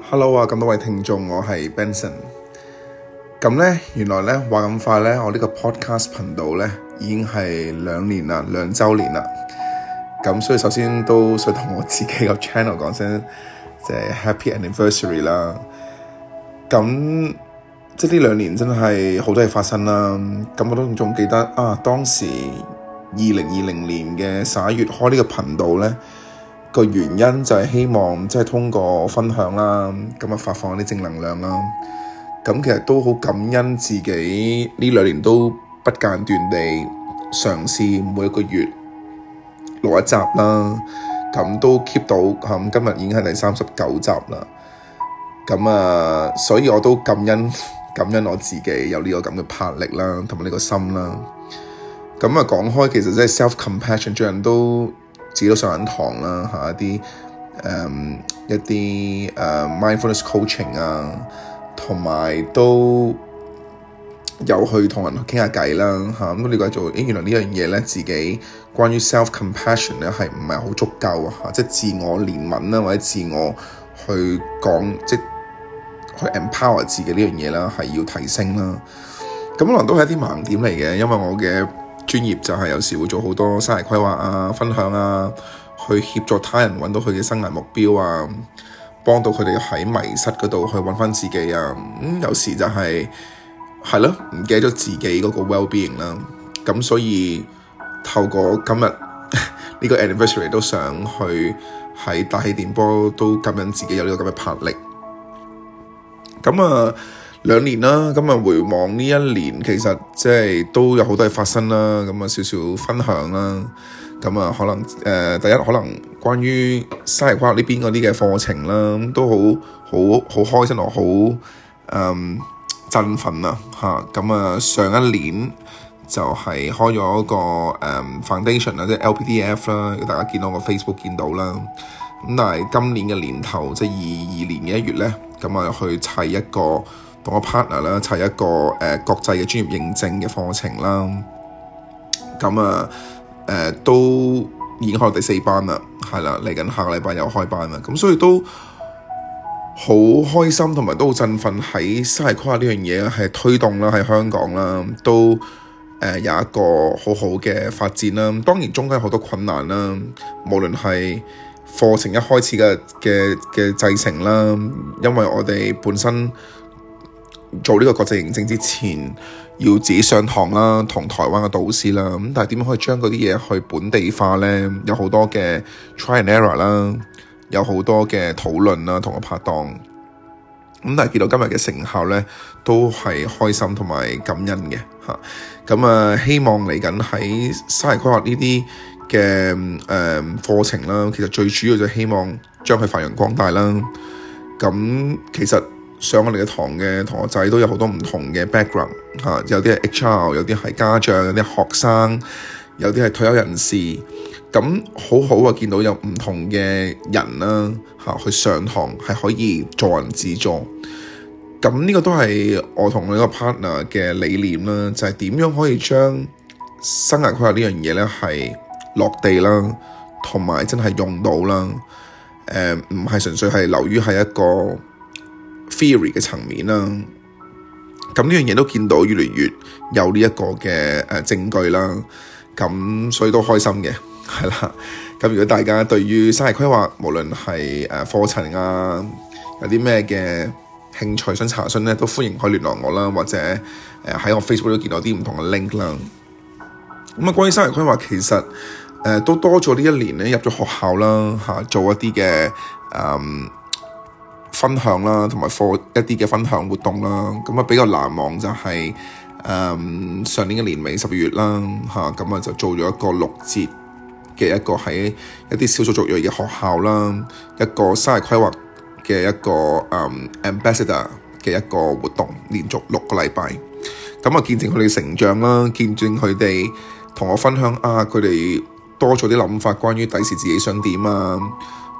Hello 啊，咁多位聽眾，我係 Benson。咁咧，原來咧話咁快咧，我呢個 podcast 頻道咧已經係兩年啦，兩周年啦。咁所以首先都想同我自己個 channel 講聲，即係 Happy Anniversary 啦。咁即係呢兩年真係好多嘢發生啦。咁我都仲記得啊，當時二零二零年嘅十一月開呢個頻道咧。個原因就係希望即係通過分享啦，咁啊發放啲正能量啦。咁其實都好感恩自己呢兩年都不間斷地嘗試每一個月錄一集啦。咁都 keep 到咁今日已經係第三十九集啦。咁啊，所以我都感恩感恩我自己有呢個咁嘅魄力啦，同埋呢個心啦。咁啊講開，其實真係 self-compassion，最有人都。自己都上緊堂啦嚇一啲誒、嗯、一啲誒、呃、mindfulness coaching 啊，同埋都有去同人傾下偈啦嚇咁你覺得做誒、欸、原來呢樣嘢咧，自己關於 self compassion 咧係唔係好足夠啊嚇、啊，即係自我憐憫啦、啊，或者自我去講即係去 empower 自己呢樣嘢啦，係要提升啦、啊。咁可能都係一啲盲點嚟嘅，因為我嘅。專業就係有時會做好多生涯規劃啊、分享啊，去協助他人揾到佢嘅生涯目標啊，幫到佢哋喺迷失嗰度去揾翻自己啊。咁、嗯、有時就係係咯，唔記得咗自己嗰個 well-being 啦、啊。咁所以透過今日呢 個 anniversary，都想去喺大氣電波都感恩自己有呢個咁嘅魄力。咁啊～兩年啦，今日回望呢一年，其實即係都有好多嘢發生啦。咁啊，少少分享啦。咁啊，可能誒、呃、第一可能關於西瓜呢邊嗰啲嘅課程啦，咁都好好好開心，同好誒振奮啦嚇。咁啊，上一年就係開咗一個誒 foundation 啊，即係 L P D F 啦，大家見到我個 Facebook 見到啦。咁但係今年嘅年頭即係二二年嘅一月咧，咁啊去砌一個，我個 partner 咧，砌一個誒、呃、國際嘅專業認證嘅課程啦。咁、嗯、啊，誒、嗯嗯、都已經開第四班啦，係啦，嚟緊下，下個禮拜又開班啦。咁、嗯、所以都好開心，同埋都好振奮喺西亞跨呢樣嘢係推動啦，喺香港啦，都誒、呃、有一個好好嘅發展啦。當然中間好多困難啦，無論係課程一開始嘅嘅嘅製成啦，因為我哋本身。做呢個國際認證之前，要自己上堂啦，同台灣嘅導師啦，咁但係點樣可以將嗰啲嘢去本地化咧？有好多嘅 try and error 啦，有好多嘅討論啦，同我拍檔。咁但係見到今日嘅成效咧，都係開心同埋感恩嘅嚇。咁啊，希望嚟緊喺生涯規劃呢啲嘅誒課程啦，其實最主要就希望將佢發揚光大啦。咁其實～上我哋嘅堂嘅同學仔都有好多唔同嘅 background 嚇，有啲係 HR，有啲係家長，有啲學生，有啲係退休人士。咁好好啊，見到有唔同嘅人啦嚇，去上堂係可以助人自助。咁呢個都係我同我個 partner 嘅理念啦，就係、是、點樣可以將生涯規劃呢樣嘢咧係落地啦，同埋真係用到啦。誒，唔係純粹係流於係一個。Theory 嘅層面啦，咁呢樣嘢都見到越嚟越有呢一個嘅誒證據啦，咁所以都開心嘅，係啦。咁如果大家對於生涯規劃，無論係誒課程啊，有啲咩嘅興趣想查詢咧，都歡迎可以聯絡我啦，或者誒喺我 Facebook 都見到啲唔同嘅 link 啦。咁啊，關於生涯規劃，其實誒都多咗呢一年咧，入咗學校啦，嚇做一啲嘅誒。嗯分享啦，同埋課一啲嘅分享活動啦，咁啊比較難忘就係、是、誒、嗯、上年嘅年尾十月啦，嚇咁啊、嗯、就做咗一個六節嘅一個喺一啲少數族裔嘅學校啦，一個生涯規劃嘅一個誒、嗯、ambassador 嘅一個活動，連續六個禮拜，咁啊見證佢哋成長啦，見證佢哋同我分享啊，佢哋多咗啲諗法關於第時自己想點啊！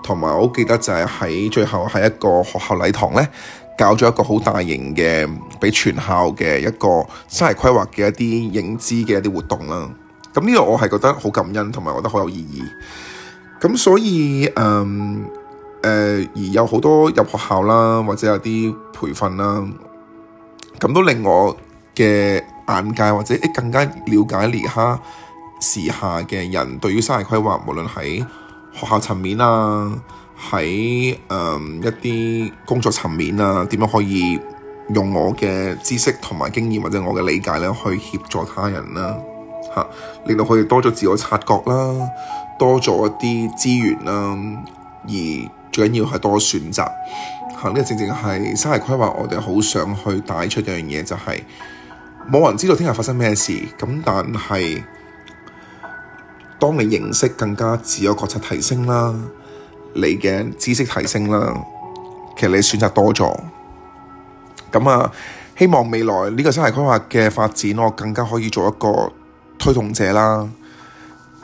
同埋我好記得就係喺最後喺一個學校禮堂咧，搞咗一個好大型嘅，畀全校嘅一個生涯規劃嘅一啲影資嘅一啲活動啦。咁、嗯、呢、這個我係覺得好感恩，同埋覺得好有意義。咁、嗯、所以嗯誒、呃，而有好多入學校啦，或者有啲培訓啦，咁都令我嘅眼界或者更加了解列下時下嘅人對於生涯規劃，無論喺學校層面啊，喺誒、呃、一啲工作層面啊，點樣可以用我嘅知識同埋經驗或者我嘅理解咧，去協助他人啦，吓、啊、令到佢哋多咗自我察覺啦，多咗一啲資源啦，而最緊要係多選擇吓。呢、啊、個正正係生涯規劃，我哋好想去帶出一樣嘢，就係、是、冇人知道聽日發生咩事，咁但係。當你認識更加自我覺察提升啦，你嘅知識提升啦，其實你選擇多咗。咁啊，希望未來呢個生涯規劃嘅發展，我更加可以做一個推動者啦，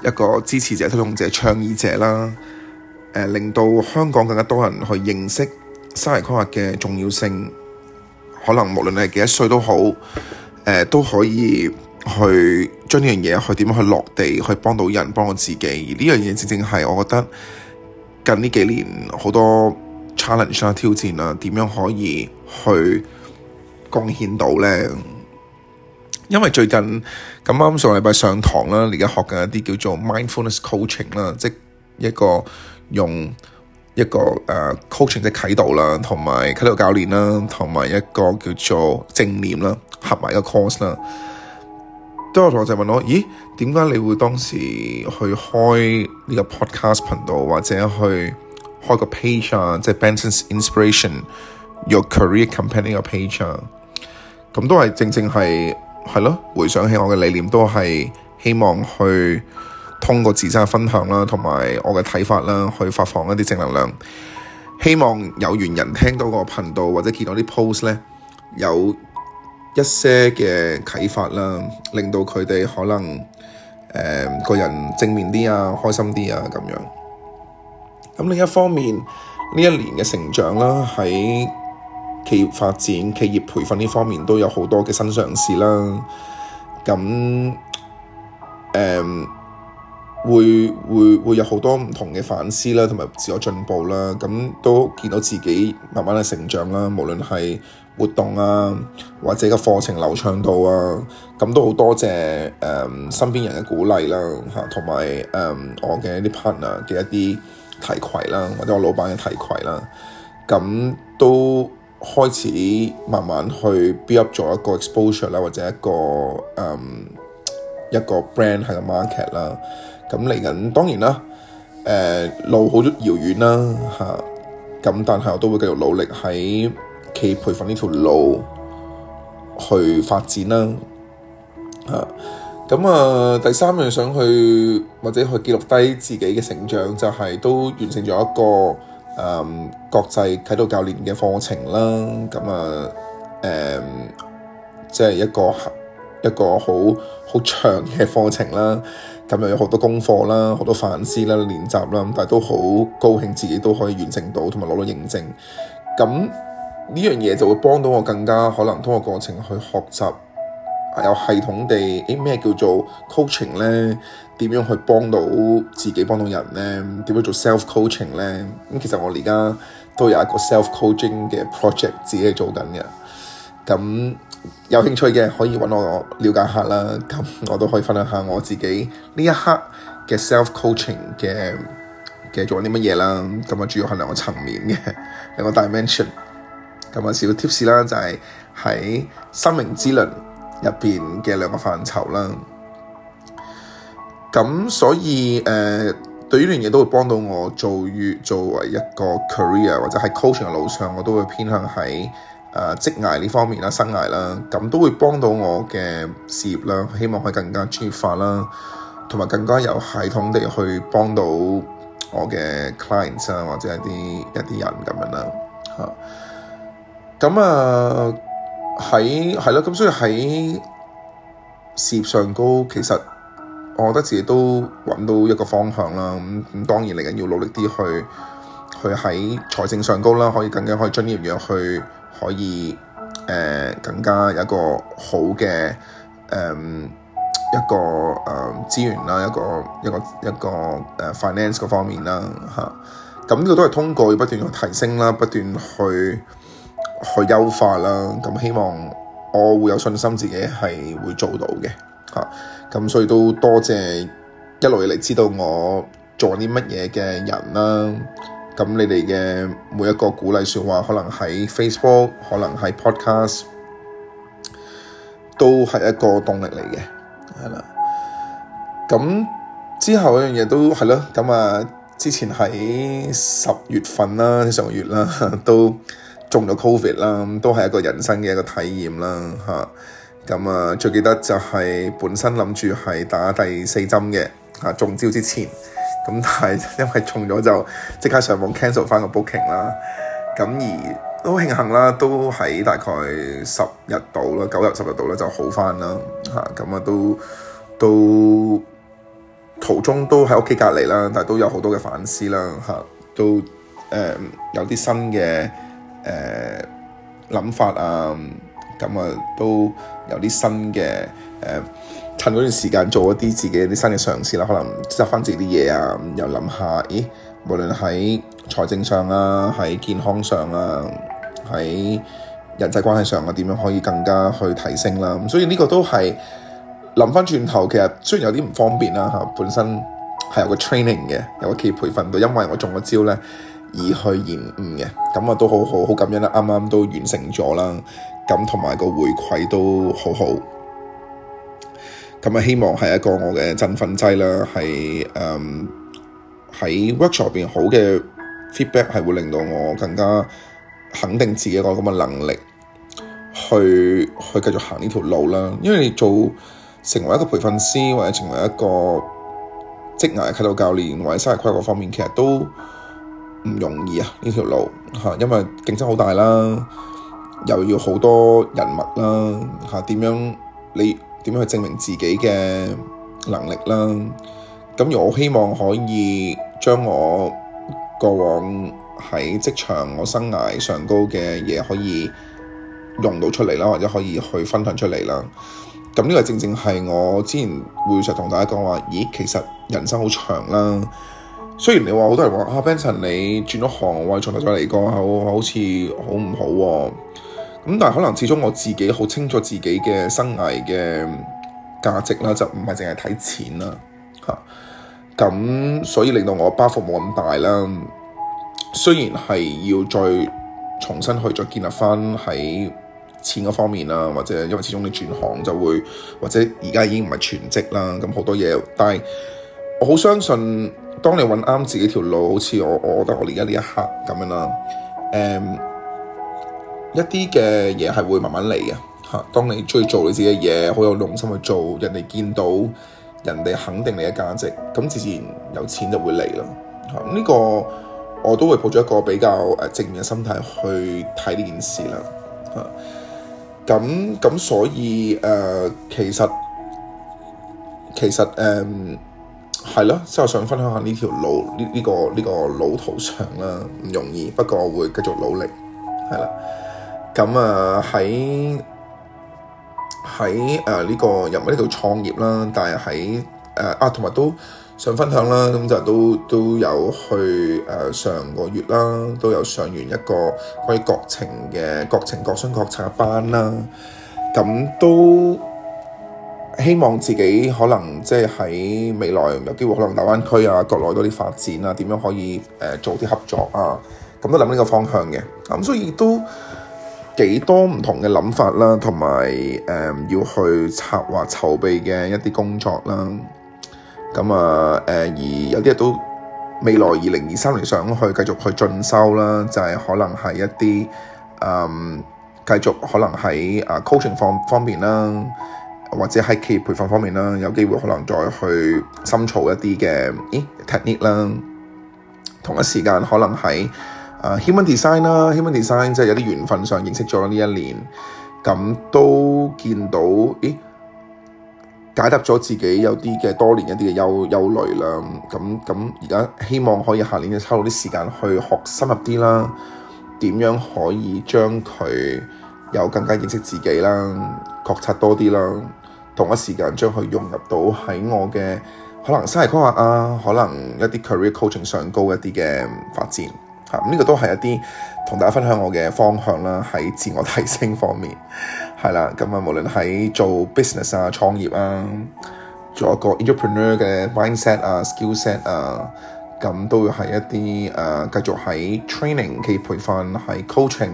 一個支持者、推動者、倡議者啦。誒、呃，令到香港更加多人去認識生涯規劃嘅重要性，可能無論你係幾多歲都好，誒、呃、都可以。去將呢樣嘢去點樣去落地，去幫到人，幫到自己。而呢樣嘢正正係我覺得近呢幾年好多 challenge 啦、挑戰啊，點樣可以去貢獻到咧？因為最近咁啱上禮拜上堂啦，而家學緊一啲叫做 mindfulness coaching 啦，即一個用一個誒、呃、coaching 即係啟導啦，同埋啟導教練啦，同埋一個叫做正念啦，合埋一個 course 啦。都有同學就問我，咦？點解你會當時去開呢個 podcast 頻道或者去開個 page 啊？即係 Benson's Inspiration Your Career Companion 個 page 啊？咁都係正正係係咯，回想起我嘅理念都係希望去通過自身嘅分享啦，同埋我嘅睇法啦，去發放一啲正能量，希望有緣人聽到我嘅頻道或者見到啲 post 咧有一些嘅啟發啦，令到佢哋可能誒、呃、個人正面啲啊，開心啲啊咁樣。咁另一方面，呢一年嘅成長啦，喺企業發展、企業培訓呢方面都有好多嘅新嘗試啦。咁誒、呃、會會會有好多唔同嘅反思啦，同埋自我進步啦。咁都見到自己慢慢嘅成長啦，無論係活動啊，或者個課程流暢度啊，咁都好多謝誒、呃、身邊人嘅鼓勵啦、啊，嚇，同埋誒我嘅啲 partner 嘅一啲提攜啦、啊，或者我老闆嘅提攜啦、啊，咁都開始慢慢去 build up 咗一個 exposure 啦、啊，或者一個誒、呃、一個 brand 喺個 market 啦、啊，咁嚟緊當然啦，誒、呃、路好咗遙遠啦、啊，嚇、啊，咁但係我都會繼續努力喺。企業培訓呢條路去發展啦，嚇、啊、咁啊！第三樣想去或者去記錄低自己嘅成長，就係、是、都完成咗一個誒、嗯、國際啟導教練嘅課程啦。咁啊誒，即、啊、係、嗯就是、一個一個好好長嘅課程啦。咁又有好多功課啦、好多反思啦、練習啦，咁但係都好高興自己都可以完成到，同埋攞到認證咁。嗯呢樣嘢就會幫到我更加可能通過過程去學習，有系統地，哎咩叫做 coaching 呢？點樣去幫到自己幫到人呢？點樣做 self coaching 呢？咁其實我而家都有一個 self coaching 嘅 project 自己做緊嘅。咁有興趣嘅可以揾我了解下啦。咁我都可以分享下我自己呢一刻嘅 self coaching 嘅嘅做緊啲乜嘢啦。咁啊主要係兩個層面嘅兩個 dimension。咁啊，小 tips 啦，就係、是、喺生命之輪入邊嘅兩個範疇啦。咁所以誒、呃，對於呢樣嘢都會幫到我做於作為一個 career 或者喺 coaching 嘅路上，我都會偏向喺誒職涯呢方面啦、生涯啦，咁都會幫到我嘅事業啦。希望可以更加專業化啦，同埋更加有系統地去幫到我嘅 clients 啊，或者一啲一啲人咁樣啦，嚇。咁啊，喺係咯，咁所以喺事業上高，其實我覺得自己都揾到一個方向啦。咁咁當然嚟緊要努力啲去去喺財政上高啦，可以更加可以將啲嘢去可以誒、呃、更加有一個好嘅誒一個誒資源啦，一個、呃、一個一個誒 finance 嗰方面啦嚇。咁、啊、呢個都係通過不斷去提升啦，不斷去。去優化啦，咁希望我會有信心自己係會做到嘅嚇，咁、啊、所以都多謝一路以嚟知道我做啲乜嘢嘅人啦，咁你哋嘅每一個鼓勵説話，可能喺 Facebook，可能喺 Podcast，都係一個動力嚟嘅，係啦。咁之後一樣嘢都係咯，咁啊之前喺十月份啦，十月啦都。中咗 covid 啦，都係一個人生嘅一個體驗啦，嚇咁啊最記得就係本身諗住係打第四針嘅，啊中招之前，咁、啊、但係因為中咗就即刻上網上 cancel 翻個 booking 啦，咁、啊、而都慶幸啦，都喺大概十日度啦，九日十日度咧就好翻啦，嚇咁啊，啊都都途中都喺屋企隔離啦，但係都有好多嘅反思啦，嚇、啊、都誒、呃、有啲新嘅。誒諗、呃、法啊，咁啊都有啲新嘅誒、啊，趁嗰段時間做一啲自己啲新嘅嘗試啦，可能執翻自己啲嘢啊，又諗下，咦，無論喺財政上啊，喺健康上啊，喺人際關係上啊，點樣可以更加去提升啦、啊。咁所以呢個都係諗翻轉頭，其實雖然有啲唔方便啦嚇、啊，本身係有個 training 嘅，有個企業培訓，到，因為我中咗招咧。而去延誤嘅，咁啊都好好好感恩啦，啱啱都完成咗啦，咁同埋個回饋都好好，咁啊希望係一個我嘅振奮劑啦，係誒喺、嗯、workshop 入邊好嘅 feedback 係會令到我更加肯定自己一個咁嘅能力去，去去繼續行呢條路啦，因為你做成為一個培訓師或者成為一個職涯嘅啟動教練或者生涯規劃方面，其實都。唔容易啊！呢條路嚇、啊，因為競爭好大啦，又要好多人脈啦嚇，點、啊、樣你點樣去證明自己嘅能力啦？咁、啊、我希望可以將我過往喺職場、我生涯上高嘅嘢可以用到出嚟啦，或者可以去分享出嚟啦。咁、啊、呢、這個正正係我之前會常同大家講話，咦，其實人生好長啦。雖然你話好多人話啊 Benson 你轉咗行，從頭再嚟過，好好似好唔好喎？咁但係可能始終我自己好清楚自己嘅生涯嘅價值啦，就唔係淨係睇錢啦，嚇、啊、咁所以令到我包袱冇咁大啦。雖然係要再重新去再建立返喺錢嗰方面啦，或者因為始終你轉行就會，或者而家已經唔係全職啦，咁好多嘢，但係我好相信。當你揾啱自己條路，好似我，我覺得我而家呢一刻咁樣啦。誒、嗯，一啲嘅嘢係會慢慢嚟嘅。嚇、嗯，當你鍾意做你自己嘅嘢，好有用心去做，人哋見到，人哋肯定你嘅價值，咁自然有錢就會嚟咯。嚇、嗯，呢、這個我都會抱住一個比較誒正面嘅心態去睇呢件事啦。嚇、嗯，咁、嗯、咁、嗯、所以誒、呃，其實其實誒。嗯係咯，即係我想分享下呢條路，呢呢個呢個老途上啦，唔容易，不過我會繼續努力，係啦。咁啊喺喺誒呢個人物呢度創業啦，但係喺誒啊同埋都想分享啦，咁就都都有去誒上個月啦，都有上完一個關於國情嘅國情國商國策班啦，咁都。希望自己可能即係喺未來有機會可能大灣區啊、國內多啲發展啊，點樣可以誒、呃、做啲合作啊？咁、嗯、都諗呢個方向嘅咁、嗯，所以都幾多唔同嘅諗法啦，同埋誒要去策劃籌備嘅一啲工作啦。咁啊誒而有啲人都未來二零二三年想去繼續去進修啦，就係、是、可能係一啲誒、嗯、繼續可能喺啊、呃、coaching 方方面啦，或者喺企業培訓方面啦，有機會可能再去深造一啲嘅，咦，technique 啦。同一時間可能喺啊 Human Design 啦，Human Design 即係有啲緣分上認識咗呢一年，咁都見到，咦，解答咗自己有啲嘅多年一啲嘅憂憂慮啦。咁咁而家希望可以下年嘅抽到啲時間去學深入啲啦，點樣可以將佢有更加認識自己啦，覺察多啲啦。同一時間將佢融入到喺我嘅可能生涯規劃啊，可能一啲 career coaching 上高一啲嘅發展吓，呢、嗯這個都係一啲同大家分享我嘅方向啦，喺自我提升方面係啦，咁 啊無論喺做 business 啊、創業啊，做一個 entrepreneur 嘅 mindset 啊、skillset 啊，咁都會係一啲誒、呃、繼續喺 training 嘅培訓喺 coaching。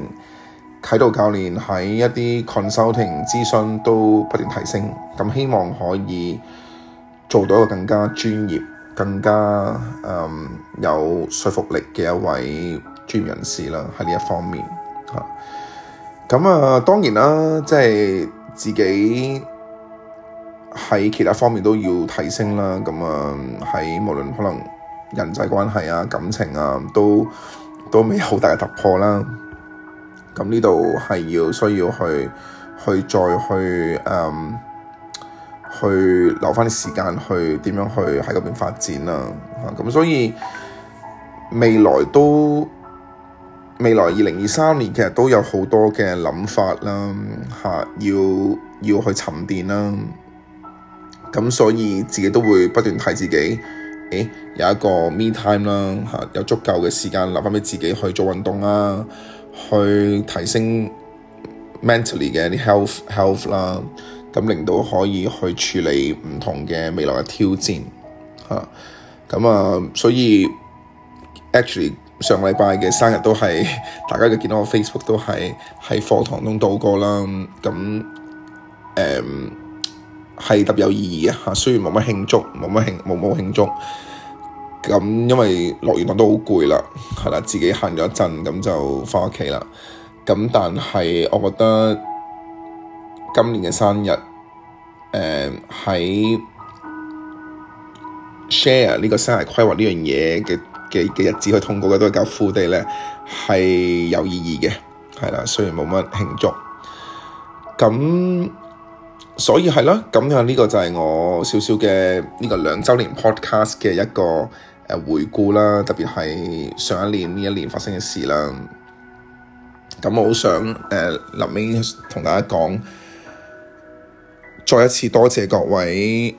啟導教練喺一啲 consulting 諮詢都不斷提升，咁希望可以做到一個更加專業、更加誒、嗯、有說服力嘅一位專業人士啦，喺呢一方面嚇。咁啊，當然啦，即係自己喺其他方面都要提升啦。咁啊，喺無論可能人際關係啊、感情啊，都都未有好大嘅突破啦。咁呢度係要需要去去再去誒、嗯，去留翻啲時間去點樣去喺嗰邊發展啦、啊。啊，咁所以未來都未來二零二三年其實都有好多嘅諗法啦，吓、啊，要要去沉澱啦。咁、啊、所以自己都會不斷睇自己，誒、欸、有一個 me time 啦，吓、啊、有足夠嘅時間留翻俾自己去做運動啦。去提升 mentally 嘅一啲 health health 啦，咁令到可以去處理唔同嘅未來嘅挑戰嚇，咁啊，啊所以 actually 上禮拜嘅生日都係大家都見到我 Facebook 都係喺課堂中度過啦，咁誒係特別有意義啊嚇，雖然冇乜慶祝，冇乜慶冇冇慶祝。咁因為落完堂都好攰啦，係啦，自己行咗一陣，咁就翻屋企啦。咁但係我覺得今年嘅生日，誒、呃、喺 share 呢個生日 a r 規劃呢樣嘢嘅嘅嘅日子去通過嘅都係搞副地咧係有意義嘅，係啦，雖然冇乜慶祝。咁所以係啦，咁樣呢個就係我少少嘅呢個兩週年 podcast 嘅一個回顧啦，特別係上一年呢一年發生嘅事啦。咁我好想誒臨尾同大家講，再一次多謝各位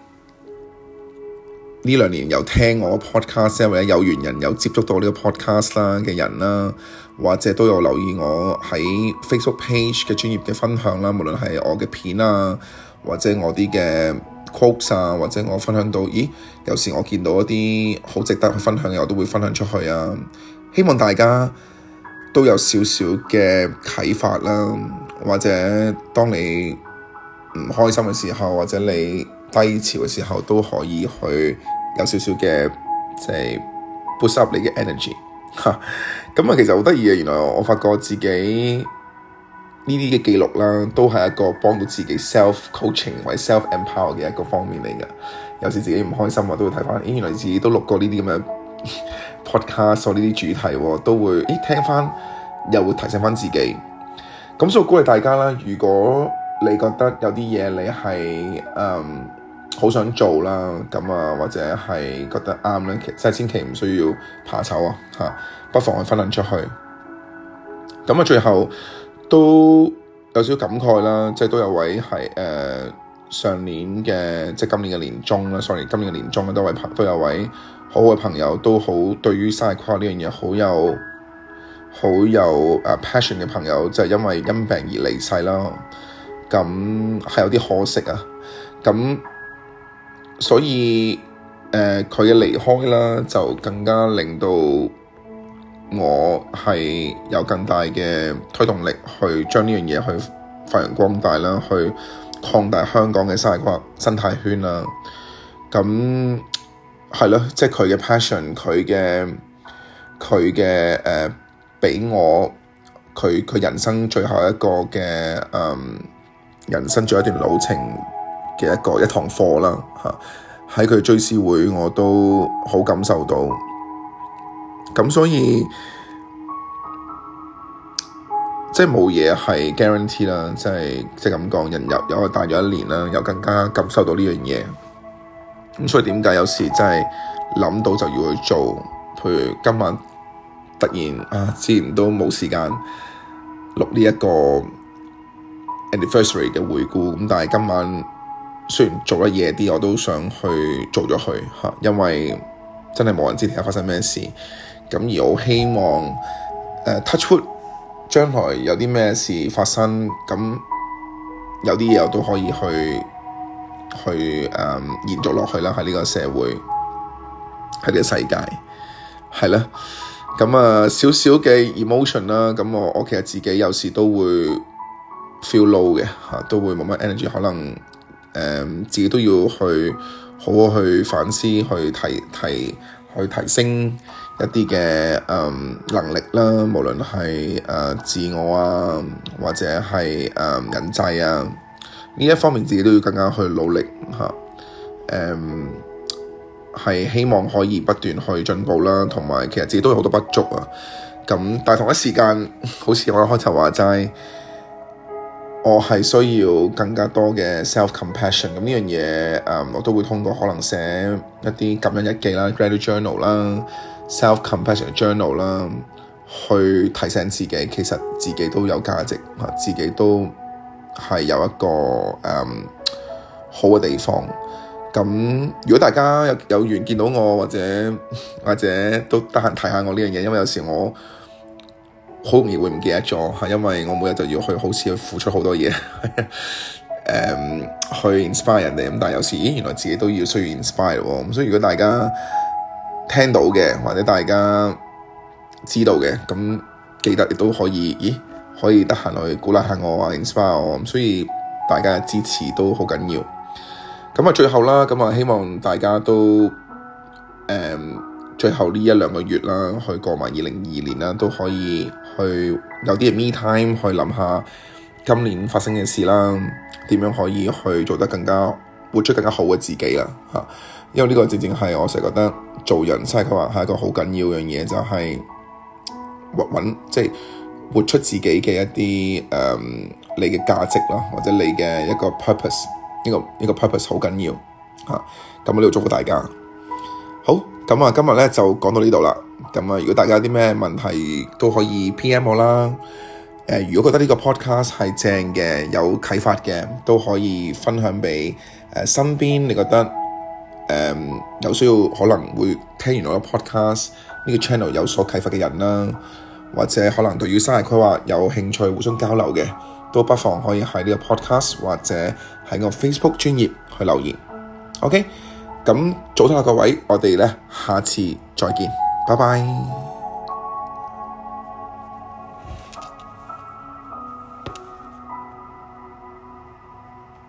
呢兩年有聽我 podcast 或者有緣人有接觸到呢個 podcast 啦嘅人啦，或者都有留意我喺 Facebook page 嘅專業嘅分享啦，無論係我嘅片啊，或者我啲嘅。Quotes, 或者我分享到，咦，有時我見到一啲好值得去分享嘅，我都會分享出去啊！希望大家都有少少嘅啟發啦，或者當你唔開心嘅時候，或者你低潮嘅時候，都可以去有少少嘅即係 boost up 你嘅 energy。嚇，咁啊，其實好得意啊！原來我發覺自己。呢啲嘅記錄啦，都係一個幫到自己 self coaching 或 self empower 嘅一個方面嚟㗎。有時自己唔開心啊，都會睇翻，咦，原來自己都錄過呢啲咁嘅 podcast 呢啲主題，都會，誒，聽翻又會提醒翻自己。咁所以我鼓勵大家啦，如果你覺得有啲嘢你係誒好想做啦，咁啊或者係覺得啱咧，真係千祈唔需要怕醜啊，嚇，不妨去分享出去。咁啊，最後。都有少少感慨啦，即係都有位係誒上年嘅，即係今年嘅年終啦。上年今年嘅年終啦，都有位好嘅朋友，都好對於生日跨呢樣嘢好有好有誒 passion 嘅朋友，就係因為因病而離世啦。咁、嗯、係有啲可惜啊。咁、嗯、所以誒佢嘅離開啦，就更加令到，我係有更大嘅推動力去將呢樣嘢去發揚光大啦，去擴大香港嘅沙壩生態圈啦。咁係咯，即係佢嘅 passion，佢嘅佢嘅誒畀我佢佢人生最後一個嘅誒、呃、人生最後一段路程嘅一個一堂課啦。嚇喺佢追思會，我都好感受到。咁所以即係冇嘢係 guarantee 啦，即係即係咁講。入入又大約一年啦，又更加感受到呢樣嘢咁。所以點解有時真係諗到就要去做？譬如今晚突然啊，之前都冇時間錄呢一個 anniversary 嘅回顧咁，但係今晚雖然做得夜啲，我都想去做咗佢嚇，因為真係冇人知聽日發生咩事。咁而我希望，誒、uh, touch wood，將來有啲咩事發生，咁有啲嘢我都可以去，去誒、um，延續落去啦，喺呢個社會，喺呢個世界，係啦。咁啊，少、uh，少嘅 emotion 啦，咁我我其實自己有時都會 feel low 嘅，嚇、啊、都會冇乜 energy，可能誒、um，自己都要去好好去反思，去提提，提去提升。一啲嘅誒能力啦，無論係誒、呃、自我啊，或者係誒、呃、人際啊，呢一方面自己都要更加去努力嚇。誒係、嗯、希望可以不斷去進步啦，同埋其實自己都有好多不足啊。咁、嗯、但係同一時間，好似我開頭話齋我係需要更加多嘅 self compassion。咁 compass 呢、嗯、樣嘢誒、嗯，我都會通過可能寫一啲感恩日記啦 gratitude journal 啦。Self-compassion 嘅 journal 啦，去提醒自己，其實自己都有價值，自己都係有一個誒、um, 好嘅地方。咁如果大家有有緣見到我，或者或者都得閒睇下我呢樣嘢，因為有時我好容易會唔記得咗，嚇，因為我每日就要去好似去付出好多嘢，誒、 um, 去 inspire 人哋。咁但係有時，咦，原來自己都要需要 inspire 喎。咁所以如果大家，聽到嘅或者大家知道嘅，咁記得亦都可以，咦，可以得閒去鼓勵下我啊，inspire 我，所以大家嘅支持都好緊要。咁啊，最後啦，咁啊，希望大家都誒、嗯、最後呢一兩個月啦，去過埋二零二二年啦，都可以去有啲 me time 去諗下今年發生嘅事啦，點樣可以去做得更加活出更加好嘅自己啦，嚇。因為呢個正正係我成日覺得做人個、就是，即係佢話係一個好緊要樣嘢，就係活揾，即係活出自己嘅一啲誒、呃、你嘅價值啦，或者你嘅一個 purpose，呢個呢個 purpose 好緊要嚇。咁、啊、我呢度祝福大家。好，咁啊今日咧就講到呢度啦。咁啊，如果大家有啲咩問題都可以 PM 我啦。誒、呃，如果覺得呢個 podcast 係正嘅、有啟發嘅，都可以分享畀誒、呃、身邊你覺得。誒，um, 有需要可能會聽完我 pod cast，個 podcast 呢個 channel 有所啟發嘅人啦、啊，或者可能對於生涯規劃有興趣互相交流嘅，都不妨可以喺呢個 podcast 或者喺我 Facebook 專頁去留言。OK，咁早唞，各位，我哋咧下次再見，拜拜。